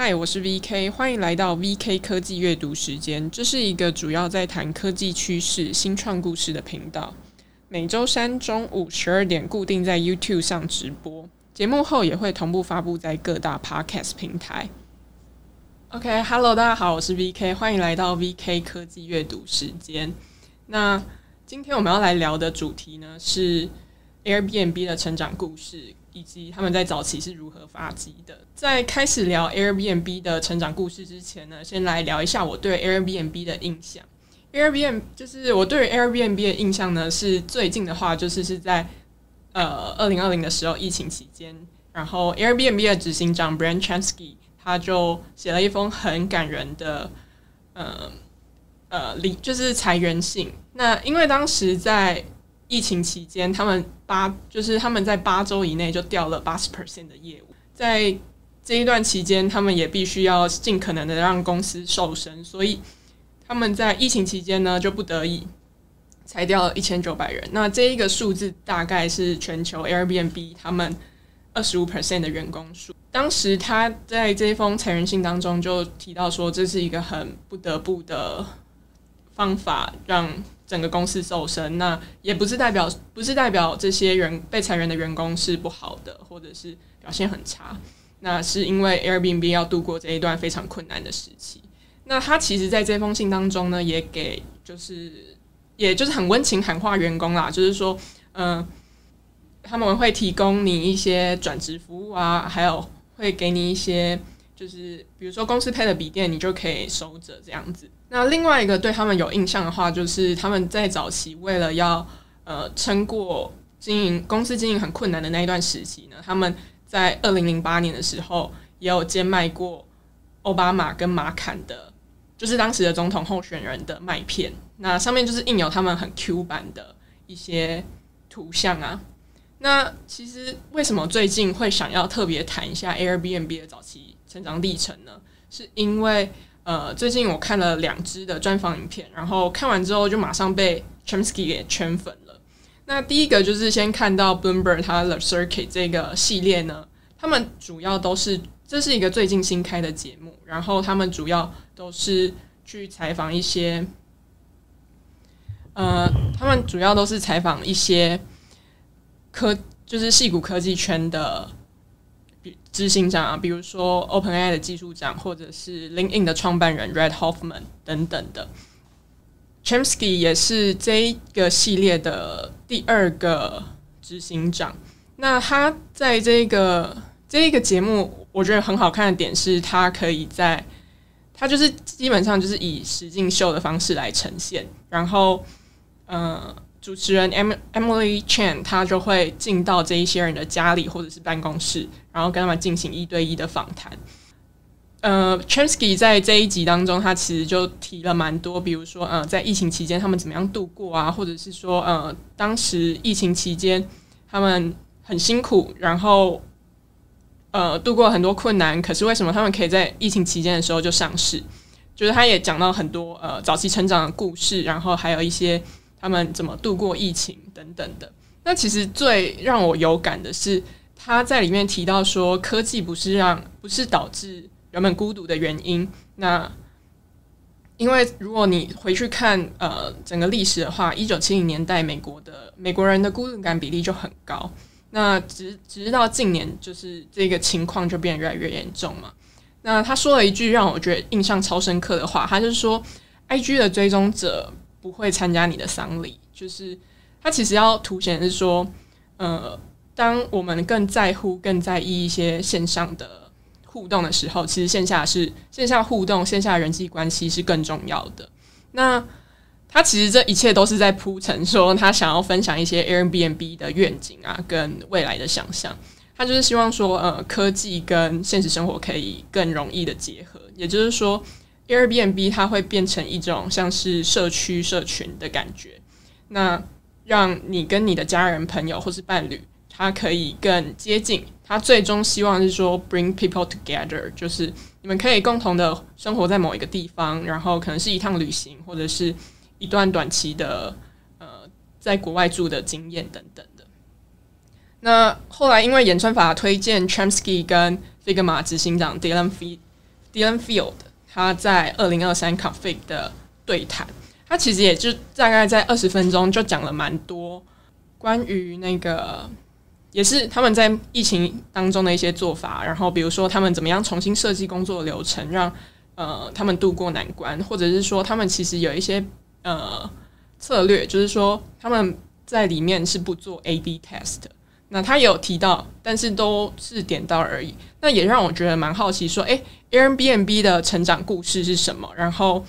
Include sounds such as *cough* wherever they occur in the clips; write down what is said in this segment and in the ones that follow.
嗨，我是 VK，歡迎來到 VK 科技閱讀時間。這是一個主要在談科技趨勢、新創故事的頻道，每周三中午十二點固定在 YouTube 上直播，節目後也會同步發布在各大 Podcast 平台。OK，Hello，大家好，我是 VK，歡迎來到 VK 科技閱讀時間。那今天我們要來聊的主題呢是 Airbnb 的成長故事。以及他們在早期是如何發跡的？在開始聊 Airbnb 的成長故事之前呢，先來聊一下我對 Airbnb 的印象。Airbnb 就是我對於 Airbnb 的印象呢，是最近的話就是是在，呃二零二零的時候疫情期間，然後 Airbnb 的執行長 Brian Chesky 他就寫了一封很感人的呃呃離就是裁員信。那因為當時在疫情期間，他們八就是他們在八週以內就掉了八十 percent 的業務。在這一段期間，他們也必須要盡可能的讓公司瘦身，所以他們在疫情期間呢，就不得已裁掉了一千九百人。那這一個數字大概是全球 Airbnb 他們二十五 percent 的員工數。當時他在這一封裁員信當中就提到說，這是一個很不得不的方法讓，整個公司瘦身，那也不是代表，不是代表這些員被裁員的員工是不好的，或者是表現很差，那是因為 Airbnb 要度過這一段非常困難的時期。那他其實在這封信當中呢，也給就是也就是很溫情喊話員工啦，就是說，嗯、呃，他們會提供你一些轉職服務啊，還有會給你一些。就是比如說公司配的筆電，你就可以收着這樣子。那另外一個對他們有印象的話，就是他們在早期為了要呃撐過經營公司經營很困難的那一段時期呢，他們在二零零八年的時候也有兼賣過奧巴馬跟馬侃的，就是當時的總統候選人的麥片。那上面就是印有他們很 Q 版的一些圖像啊。那其實為什麼最近會想要特別談一下 Airbnb 的早期？成長歷程呢？是因為呃，最近我看了兩支的專訪影片，然後看完之後就馬上被 Chesky 給圈粉了。那第一個就是先看到 Bloomberg 他 The Circuit 這個系列呢，他們主要都是這是一個最近新開的節目，然後他們主要都是去採訪一些，呃，他們主要都是採訪一些科，就是矽谷科技圈的。執行長啊，比如說 OpenAI 的技術長，或者是 LinkedIn 的創辦人 Reid Hoffman 等等的。Chesky 也是這一個系列的第二個執行長。那他在這個這個節目，我覺得很好看的點是，他可以在他就是基本上就是以實境秀的方式來呈現。然後，嗯、呃。主持人 Emily Chan，他就會進到這一些人的家裡或者是辦公室，然後跟他們進行一對一的訪談。呃、uh, Chesky 在這一集當中，他其實就提了蠻多，比如說呃，在疫情期間他們怎麼樣度過啊，或者是說呃，當時疫情期間他們很辛苦，然後呃度過很多困難。可是為什麼他們可以在疫情期間的時候就上市？就是他也講到很多呃早期成長的故事，然後還有一些。他們怎麼度過疫情等等的？那其實最讓我有感的是，他在裡面提到說，科技不是讓不是導致人們孤獨的原因。那因為如果你回去看呃整個歷史的話，一九七零年代美國的美國人的孤獨感比例就很高。那直直到近年，就是這個情況就變得越來越嚴重嘛。那他說了一句讓我覺得印象超深刻的話，他就是說：“IG 的追蹤者。”不會參加你的喪禮，就是他其實要凸顯是說，呃，當我們更在乎、更在意一些線上的互動的時候，其實線下是線下互動、線下人際關係是更重要的。那他其實這一切都是在鋪陳說他想要分享一些 Airbnb 的願景啊，跟未來的想象。他就是希望說，呃，科技跟現實生活可以更容易的結合，也就是說，Airbnb 它會變成一種像是社區社群的感覺，那讓你跟你的家人、朋友或是伴侶，他可以更接近。他最終希望是說，bring people together，就是你們可以共同的生活在某一個地方，然後可能是一趟旅行，或者是一段短期的呃在國外住的經驗等等的。那後來因為演算法推薦 Chesky 跟 Figma 執行長 Dylan, -Dylan Field。他在二零二三 Config 的對談，他其實也就大概在二十分鐘就講了蠻多關於那個，也是他們在疫情當中的一些做法，然後比如說他們怎麼樣重新設計工作的流程，讓呃他們度過難關，或者是說他們其實有一些呃策略，就是說他們在裡面是不做 A/B test 的。那他也有提到，但是都是點到而已。那也讓我覺得蠻好奇，說，哎、欸、，Airbnb 的成長故事是什麼？然後，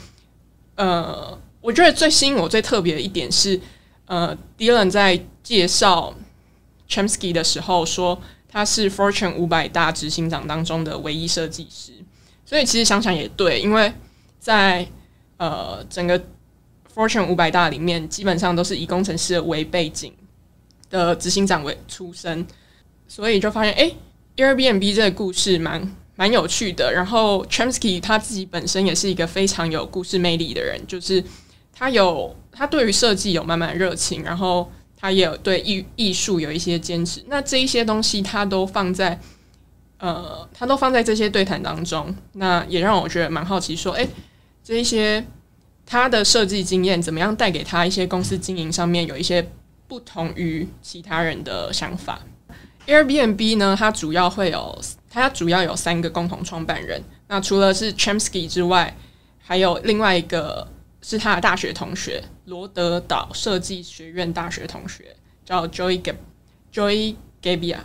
呃，我覺得最吸引我、最特別的一點是，呃，Dylan 在介紹 Chesky 的時候說，他是 Fortune 五百大執行長當中的唯一設計師。所以其實想想也對，因為在呃整個 Fortune 五百大裡面，基本上都是以工程師為背景。的執行長為出身，所以就發現，誒、欸、Airbnb 這個故事蠻蠻有趣的。然後，Chesky 他自己本身也是一個非常有故事魅力的人，就是他有他對於設計有滿滿熱情，然後他也有對藝藝術有一些堅持。那這一些東西，他都放在呃，他都放在這些對談當中，那也讓我覺得蠻好奇，說，誒、欸，這些他的設計經驗怎麼樣帶給他一些公司經營上面有一些。不同於其他人的想法，Airbnb 呢，它主要會有，它主要有三個共同創辦人。那除了是 Chesky 之外，還有另外一個是他的大學同學，羅德島設計學院大學同學叫 Joe Geb- Joe Gebbia。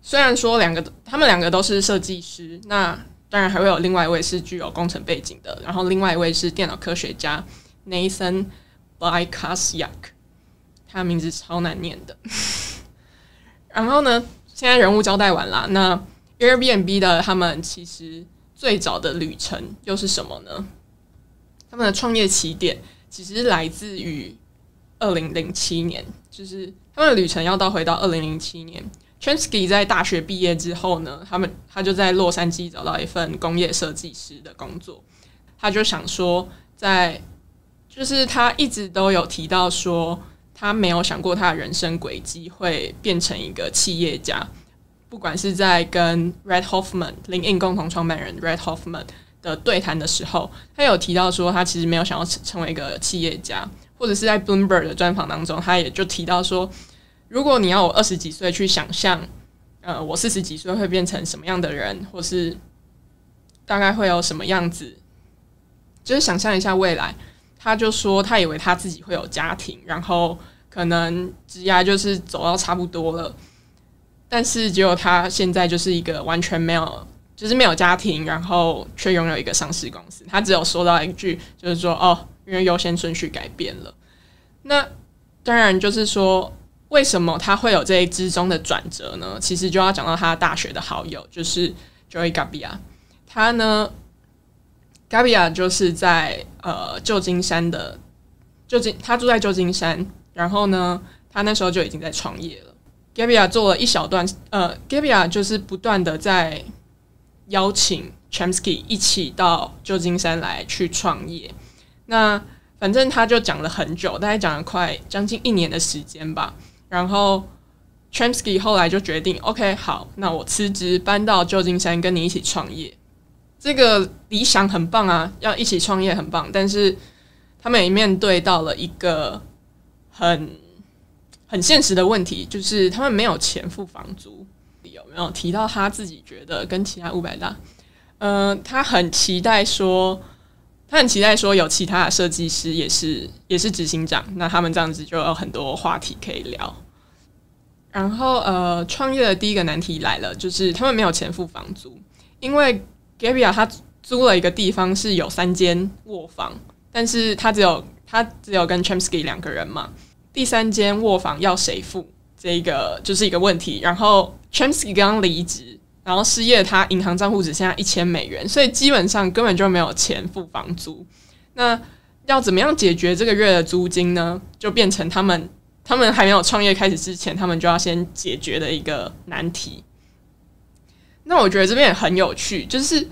雖然說兩個，他們兩個都是設計師，那當然還會有另外一位是具有工程背景的，然後另外一位是電腦科學家 Nathan Blecharczyk 他的名字超難念的， *laughs* 然後呢，現在人物交代完了。那 Airbnb 的他們其實最早的旅程又是什麼呢？他們的創業起點其實是來自於二零零七年，就是他們的旅程要到回到二零零七年。Chesky 在大學畢業之後呢，他們他就在洛杉磯找到一份工業設計師的工作，他就想說在，在就是他一直都有提到說。他沒有想過他的人生軌跡會變成一個企業家。不管是在跟 Red Hoffman 林印共同創辦人 Red Hoffman 的對談的時候，他有提到說他其實沒有想要成成為一個企業家，或者是在 Boomer l b g 的專訪當中，他也就提到說，如果你要我二十幾歲去想象，呃，我四十幾歲會變成什麼樣的人，或是大概會有什麼樣子，就是想象一下未來。他就說，他以為他自己會有家庭，然後可能職涯就是走到差不多了，但是結果他現在就是一個完全沒有，就是沒有家庭，然後卻擁有一個上市公司。他只有說到一句，就是說哦，因為優先順序改變了。那當然就是說，為什麼他會有這一之中的轉折呢？其實就要講到他大學的好友，就是 Joe Gebbia，他呢。Gebbia 就是在呃舊金山的舊金，他住在舊金山。然後呢，他那時候就已經在創業了。Gebbia 做了一小段，呃，Gebbia 就是不斷的在邀請 Chesky 一起到舊金山來去創業。那反正他就講了很久，大概講了快將近一年的時間吧。然後 Chesky 後來就決定，OK，好，那我辭職搬到舊金山跟你一起創業。這個理想很棒啊，要一起創業很棒，但是他們也面對到了一個很很現實的問題，就是他們沒有錢付房租。有沒有提到他自己覺得跟其他五百大？呃，他很期待說，他很期待說有其他的設計師也是也是執行長，那他們這樣子就有很多話題可以聊。然後呃，創業的第一個難題來了，就是他們沒有錢付房租，因為。g a b r i e l 他租了一個地方，是有三間臥房，但是他只有他只有跟 Cham k y 兩個人嘛，第三間臥房要誰付？這個就是一個問題。然後 Cham 斯基剛離職，然後失業，他銀行賬戶只剩下一千美元，所以基本上根本就沒有錢付房租。那要怎麼樣解決這個月的租金呢？就變成他們他們還沒有創業開始之前，他們就要先解決的一個難題。那我覺得這邊也很有趣，就是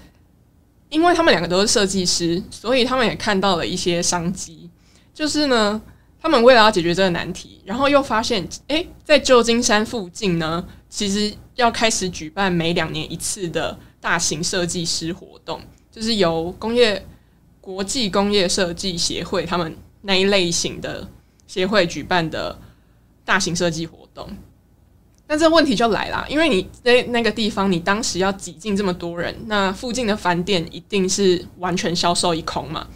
因為他們兩個都是設計師，所以他們也看到了一些商機。就是呢，他們為了要解決這個難題，然後又發現，欸，在舊金山附近呢，其實要開始舉辦每兩年一次的大型設計師活動，就是由工業國際工業設計協會他們那一類型的協會舉辦的大型設計活動。那這問題就來了，因為你在那個地方，你當時要擠進這麼多人，那附近的飯店一定是完全銷售一空嘛。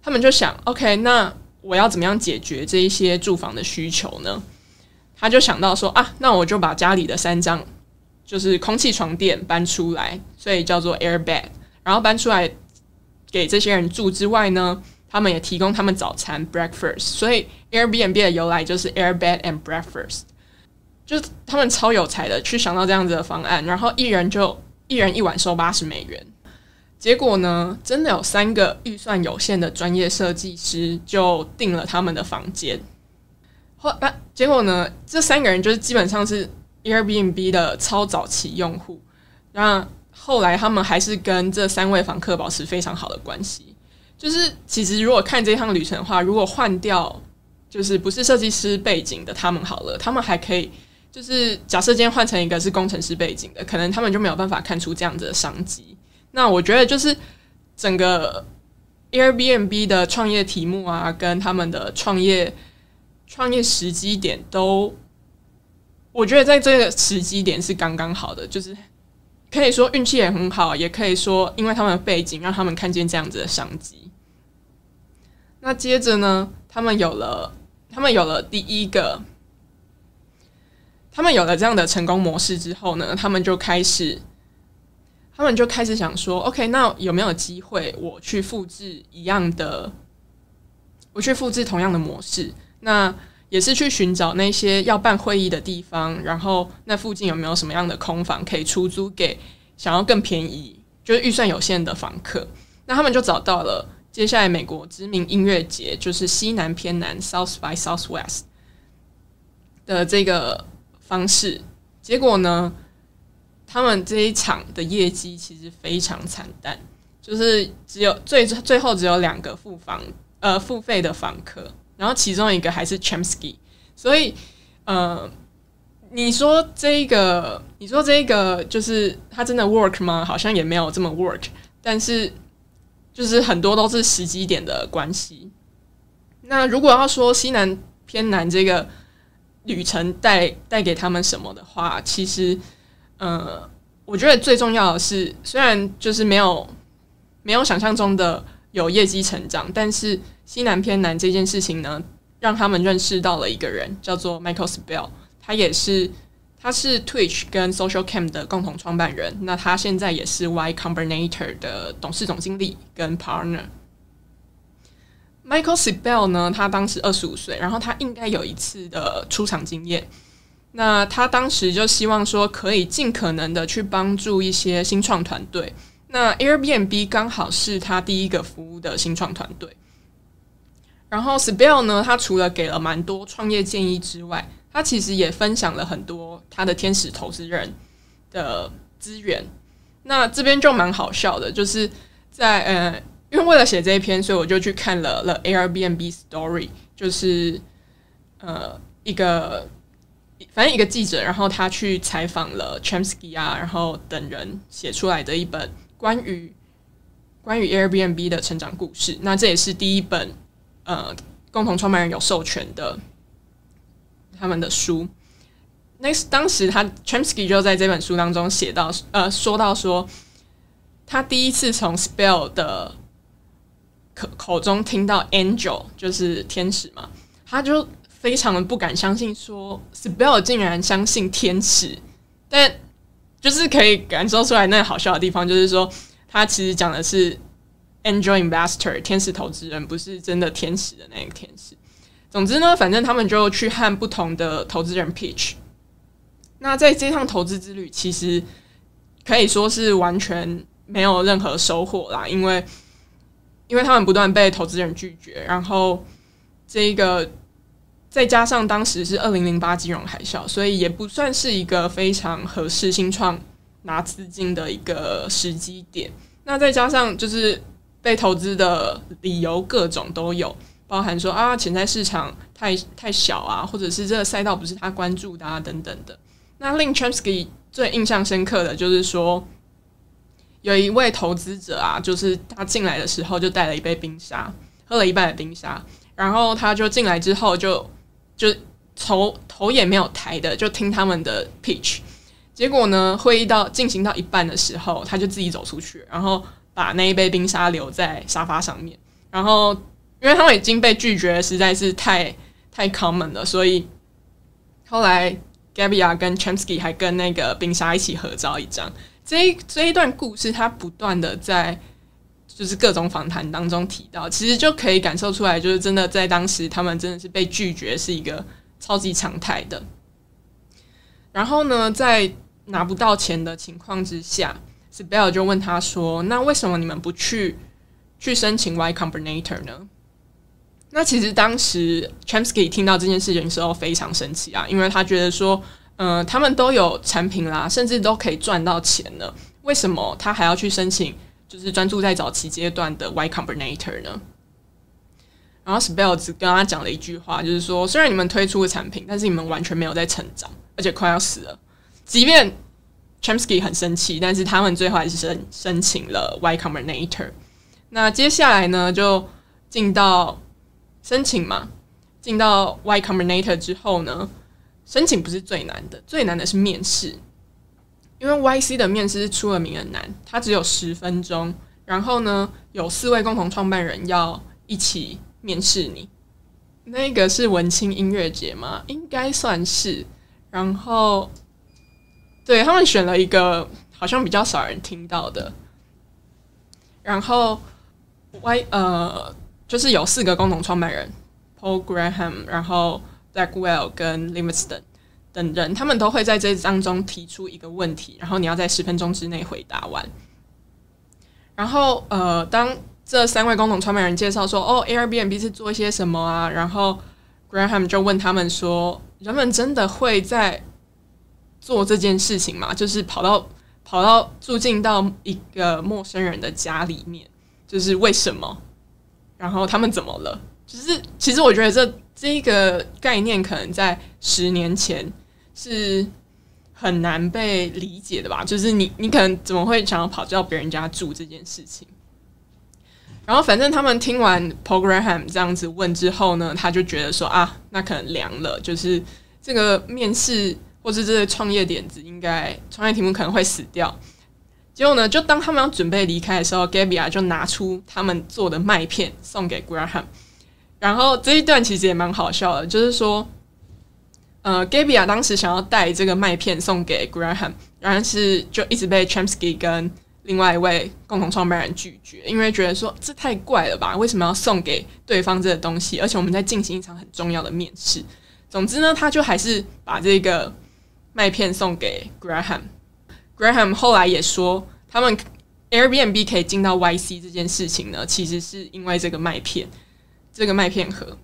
他們就想，OK，那我要怎麼樣解決這一些住房的需求呢？他就想到說啊，那我就把家裡的三張就是空氣床墊搬出來，所以叫做 Air Bed，然後搬出來給這些人住之外呢，他們也提供他們早餐 Breakfast，所以 Airbnb 的由來就是 Air Bed and Breakfast。就他們超有才的，去想到這樣子的方案，然後一人就一人一晚收八十美元。結果呢，真的有三個預算有限的專業設計師就訂了他們的房間。後來結果呢，這三個人就是基本上是 Airbnb 的超早期用戶。那後來他們還是跟這三位房客保持非常好的關係。就是其實如果看這趟旅程的話，如果換掉就是不是設計師背景的他們好了，他們還可以。就是假設今天換成一個是工程師背景的，可能他們就沒有辦法看出這樣子的商機。那我覺得就是整個 Airbnb 的創業題目啊，跟他們的創業創業時機點都，我覺得在這個時機點是剛剛好的，就是可以說運氣也很好，也可以說因為他們的背景讓他們看見這樣子的商機。那接着呢，他們有了，他們有了第一個。他們有了這樣的成功模式之後呢，他們就開始，他們就開始想說，OK，那有沒有機會我去複製一樣的，我去複製同樣的模式？那也是去尋找那些要辦會議的地方，然後那附近有沒有什麼樣的空房可以出租給想要更便宜，就是預算有限的房客？那他們就找到了接下來美國知名音樂節，就是西南偏南 （South by Southwest） 的這個。方式，結果呢，他們這一場的業績其實非常慘淡，就是只有最最後只有兩個付房呃付費的房客，然後其中一個還是 Chesky。所以呃，你說這個，你說這個就是他真的 work 嗎？好像也沒有這麼 work，但是就是很多都是時機點的關係。那如果要說西南偏南這個。旅程帶帶給他們什麼的話，其實，呃，我覺得最重要的是，雖然就是沒有沒有想象中的有業績成長，但是西南偏南這件事情呢，讓他們認識到了一個人，叫做 Michael Spell，他也是他是 Twitch 跟 Social Cam 的共同創辦人，那他現在也是 Y Combinator 的董事總經理跟 partner。Michael Seibel 呢，他當時二十五歲，然後他應該有一次的出場經驗。那他當時就希望說，可以盡可能的去幫助一些新創團隊。那 Airbnb 剛好是他第一個服務的新創團隊。然後 Seibel 呢，他除了給了蠻多創業建議之外，他其實也分享了很多他的天使投資人的資源。那這邊就蠻好笑的，就是在呃。因為為了寫這一篇，所以我就去看了《了 Airbnb Story》，就是呃一個反正一個記者，然後他去採訪了 Chesky 啊，然後等人寫出來的一本關於關於 Airbnb 的成長故事。那這也是第一本呃共同創辦人有授權的他們的書。那當時他 Chesky 就在這本書當中寫到呃說到說，他第一次從 Spell 的口中聽到 “angel” 就是天使嘛，他就非常的不敢相信說，說 spell 竟然相信天使，但就是可以感受出來那個好笑的地方，就是說他其實講的是 “angel investor” 天使投資人，不是真的天使的那個天使。總之呢，反正他們就去和不同的投資人 pitch。那在這趟投資之旅，其實可以說是完全沒有任何收穫啦，因為。因為他們不斷被投資人拒絕，然後這個再加上當時是二零零八金融海嘯，所以也不算是一個非常合適新創拿資金的一個時機點。那再加上就是被投資的理由各種都有，包含說啊潛在市場太太小啊，或者是這個賽道不是他關注的啊等等的。那令 Brian Chesky 最印象深刻的就是說。有一位投資者啊，就是他進來的時候就帶了一杯冰沙，喝了一半的冰沙，然後他就進來之後就就頭頭也沒有抬的，就聽他們的 pitch。結果呢，會議到進行到一半的時候，他就自己走出去，然後把那一杯冰沙留在沙發上面。然後因為他們已經被拒絕，實在是太太 common 了，所以後來 Gebbia 跟 Chesky 還跟那個冰沙一起合照一張。這一這一段故事，他不斷的在就是各種訪談當中提到，其實就可以感受出來，就是真的在當時，他們真的是被拒絕是一個超級常態的。然後呢，在拿不到錢的情況之下，Seibel 就問他說：“那為什麼你們不去去申請 Y Combinator 呢？”那其實當時 Chesky 聽到這件事情的時候非常生氣啊，因為他覺得說。嗯，他們都有產品啦，甚至都可以賺到錢了。為什麼他還要去申請？就是專注在早期階段的 Y Combinator 呢？然後 Spell 只跟他講了一句話，就是說：雖然你們推出了產品，但是你們完全沒有在成長，而且快要死了。即便 Chesky 很生氣，但是他們最後還是申申請了 Y Combinator。那接下來呢，就進到申請嘛，進到 Y Combinator 之後呢？申請不是最難的，最難的是面試，因為 YC 的面試是出了名的難，它只有十分鐘，然後呢，有四位共同創辦人要一起面試你。那個是文青音樂節嗎？應該算是。然後，對，他們選了一個好像比較少人聽到的，然後 Y 呃，就是有四個共同創辦人，Paul Graham，然後。Blackwell 跟 Limeston 等、等人，他們都會在這當中提出一個問題，然後你要在十分鐘之內回答完。然後，呃，當這三位共同創辦人介紹說：“哦，Airbnb 是做一些什麼啊？”然後 Graham 就問他們說：“人們真的會在做這件事情嗎？就是跑到跑到住進到一個陌生人的家裡面，就是為什麼？然後他們怎麼了？就是其實我覺得這。”這個概念可能在十年前是很難被理解的吧？就是你，你可能怎麼會想要跑到別人家住這件事情？然後反正他們聽完 Paul Graham 這樣子問之後呢，他就覺得說啊，那可能涼了，就是這個面試或是這個創業點子，應該創業題目可能會死掉。結果呢，就當他們要準備離開的時候，Gebbia 就拿出他們做的麥片送給 Graham。然後這一段其實也蠻好笑的，就是說，呃，Gebbia 當時想要帶這個麥片送給 Graham，但是就一直被 Chesky 跟另外一位共同創辦人拒絕，因為覺得說這太怪了吧，為什麼要送給對方這個東西？而且我們在進行一場很重要的面試。總之呢，他就還是把這個麥片送給 Graham。Graham 後來也說，他們 Airbnb 可以進到 YC 這件事情呢，其實是因為這個麥片。這個麥片盒，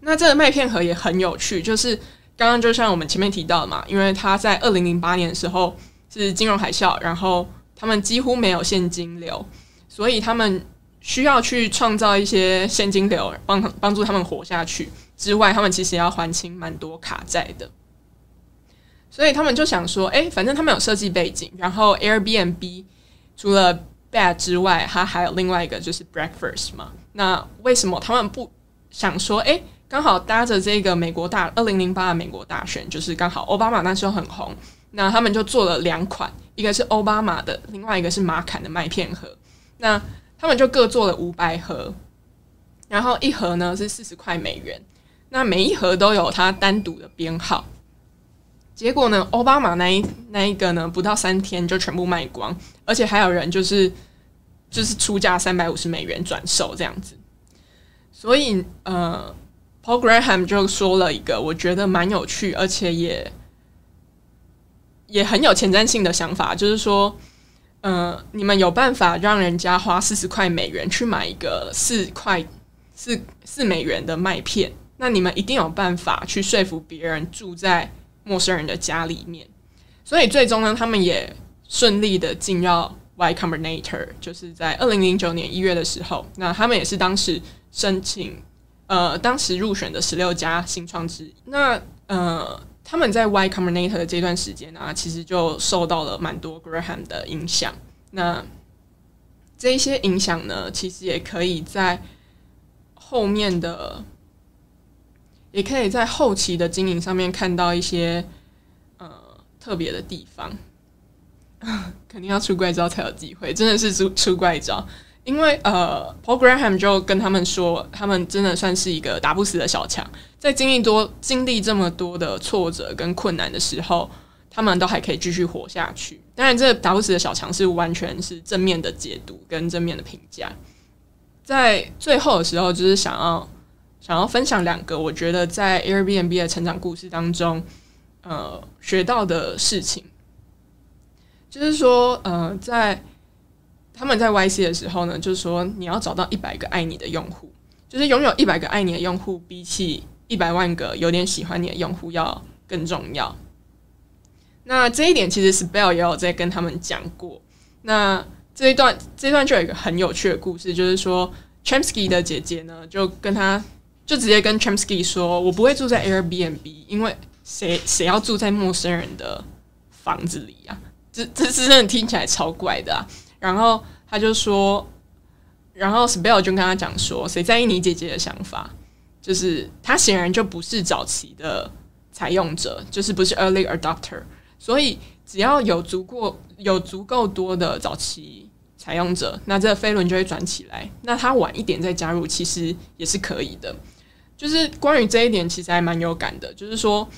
那這個麥片盒也很有趣，就是剛剛就像我們前面提到的嘛，因為他在二零零八年的時候是金融海嘯，然後他們幾乎沒有現金流，所以他們需要去創造一些現金流幫，幫幫助他們活下去。之外，他們其實也要還清蠻多卡債的，所以他們就想說，哎，反正他們有設計背景，然後 Airbnb 除了 Bed 之外，它還有另外一個就是 Breakfast 嘛。那為什麼他們不想說，誒、欸，剛好搭着這個美國大二零零八的美國大選，就是剛好奧巴馬那時候很紅。那他們就做了兩款，一個是奧巴馬的，另外一個是馬侃的麥片盒。那他們就各做了五百盒，然後一盒呢是四十塊美元。那每一盒都有它單獨的編號。結果呢，奧巴馬那一那一個呢，不到三天就全部賣光，而且還有人就是。就是出價三百五十美元轉售這樣子，所以呃，Paul Graham 就說了一個我覺得蠻有趣，而且也也很有前瞻性的想法，就是說，呃，你們有辦法讓人家花四十塊美元去買一個四塊四四美元的麥片，那你們一定有辦法去說服別人住在陌生人的家裡面，所以最終呢，他們也順利的進到。Y Combinator 就是在二零零九年一月的時候，那他們也是當時申請，呃，當時入選的十六家新創之一，那呃，他們在 Y Combinator 的這段時間呢、啊，其實就受到了蠻多 Graham 的影響，那這一些影響呢，其實也可以在後面的，也可以在後期的經營上面看到一些呃特別的地方。啊，肯定要出怪招才有機會，真的是出出怪招。因為呃，Paul Graham 就跟他們說，他們真的算是一個打不死的小強，在經歷多經歷這麼多的挫折跟困難的時候，他們都還可以繼續活下去。當然，這打不死的小強是完全是正面的解讀跟正面的評價。在最後的時候，就是想要想要分享兩個，我覺得在 Airbnb 的成長故事當中，呃，學到的事情。就是說，呃，在他們在 YC 的時候呢，就是說你要找到一百個愛你的用戶，就是擁有一百個愛你的用戶，比起一百萬個有點喜歡你的用戶要更重要。那這一點其實 Spell 也有在跟他們講過。那這一段這一段就有一個很有趣的故事，就是說 Chesky 的姐姐呢，就跟他就直接跟 Chesky 說：“我不會住在 Airbnb，因為誰誰要住在陌生人的房子裡呀、啊？”這這是真的聽起來超怪的啊！然後他就說，然後 Spel 就跟他講說，誰在意你姐姐的想法？就是他顯然就不是早期的採用者，就是不是 early adopter。所以只要有足夠有足夠多的早期採用者，那這個飛輪就會轉起來。那他晚一點再加入，其實也是可以的。就是關於這一點，其實還蠻有感的，就是說。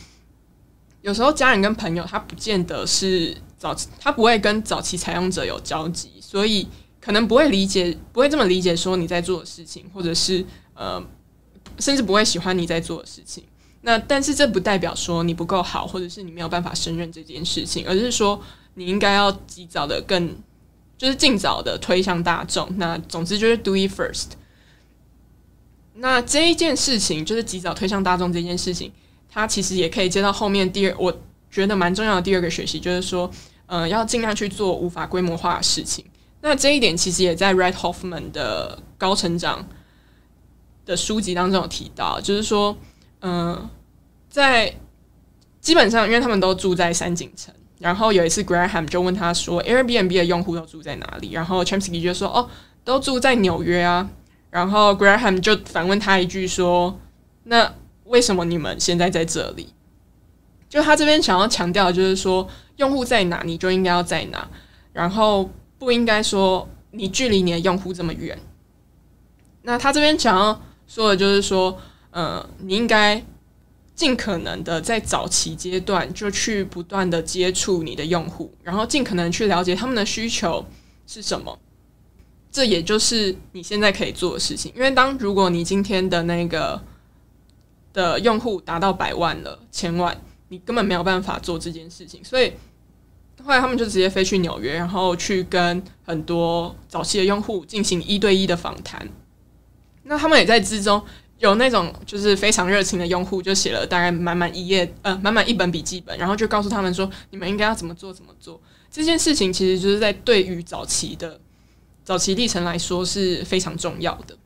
有時候家人跟朋友，他不見得是早期，他不會跟早期採用者有交集，所以可能不會理解，不會這麼理解說你在做的事情，或者是呃，甚至不會喜歡你在做的事情。那但是這不代表說你不夠好，或者是你沒有辦法勝任這件事情，而是說你應該要及早的更，就是儘早的推向大眾。那總之就是 do it first。那這一件事情就是及早推向大眾這件事情。他其實也可以接到後面第二。我覺得蠻重要的第二個學習就是說，嗯、呃，要盡量去做無法規模化的事情。那這一點其實也在 Reid Hoffman 的高成長的書籍當中有提到，就是說，嗯、呃，在基本上因為他們都住在山景城，然後有一次 Graham 就問他說，Airbnb 的用戶都住在哪裡？然後 Chesky 就說，哦，都住在紐約啊。然後 Graham 就反問他一句說，那。為什麼你們現在在這裡？就他這邊想要強調，就是說用戶在哪，你就應該要在哪，然後不應該說你距離你的用戶這麼遠。那他這邊想要說的，就是說，呃，你應該盡可能的在早期階段就去不斷的接觸你的用戶，然後盡可能去了解他們的需求是什麼。這也就是你現在可以做的事情，因為當如果你今天的那個。的用戶達到百萬了、千萬，你根本沒有辦法做這件事情。所以後來他們就直接飛去紐約，然後去跟很多早期的用戶進行一對一的訪談。那他們也在之中有那種就是非常熱情的用戶，就寫了大概滿滿一頁，呃，滿滿一本筆記本，然後就告訴他們說：你們應該要怎麼做，怎麼做這件事情，其實就是在對於早期的早期歷程來說是非常重要的。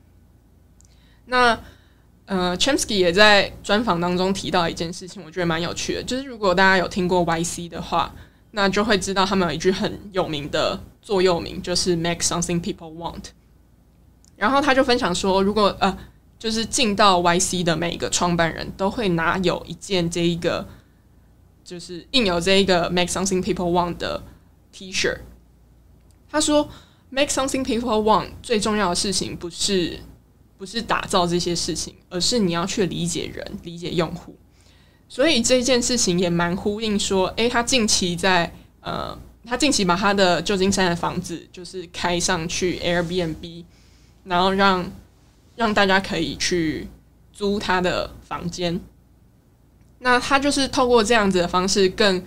那。呃、uh，Chesky 也在專訪當中提到一件事情，我覺得蠻有趣的，就是如果大家有聽過 YC 的話，那就會知道他們有一句很有名的座右銘，就是 “Make something people want”。然後他就分享說，如果呃，就是進到 YC 的每一個創辦人都會拿有一件這一個，就是印有這一個 “Make something people want” 的 T 恤。他說，“Make something people want” 最重要的事情不是。不是打造這些事情，而是你要去理解人、理解用戶。所以這件事情也蠻呼應說，誒、欸，他近期在呃，他近期把他的舊金山的房子就是開上去 Airbnb，然後讓讓大家可以去租他的房間。那他就是透過這樣子的方式更，更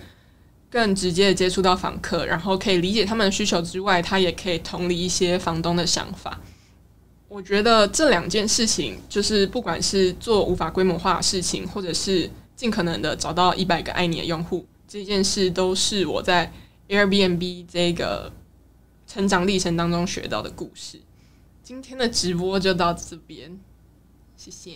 更直接的接觸到房客，然後可以理解他們的需求之外，他也可以同理一些房東的想法。我覺得這兩件事情，就是不管是做無法規模化的事情，或者是盡可能的找到一百個愛你的用戶，這件事都是我在 Airbnb 這個成長歷程當中學到的故事。今天的直播就到這邊，謝謝。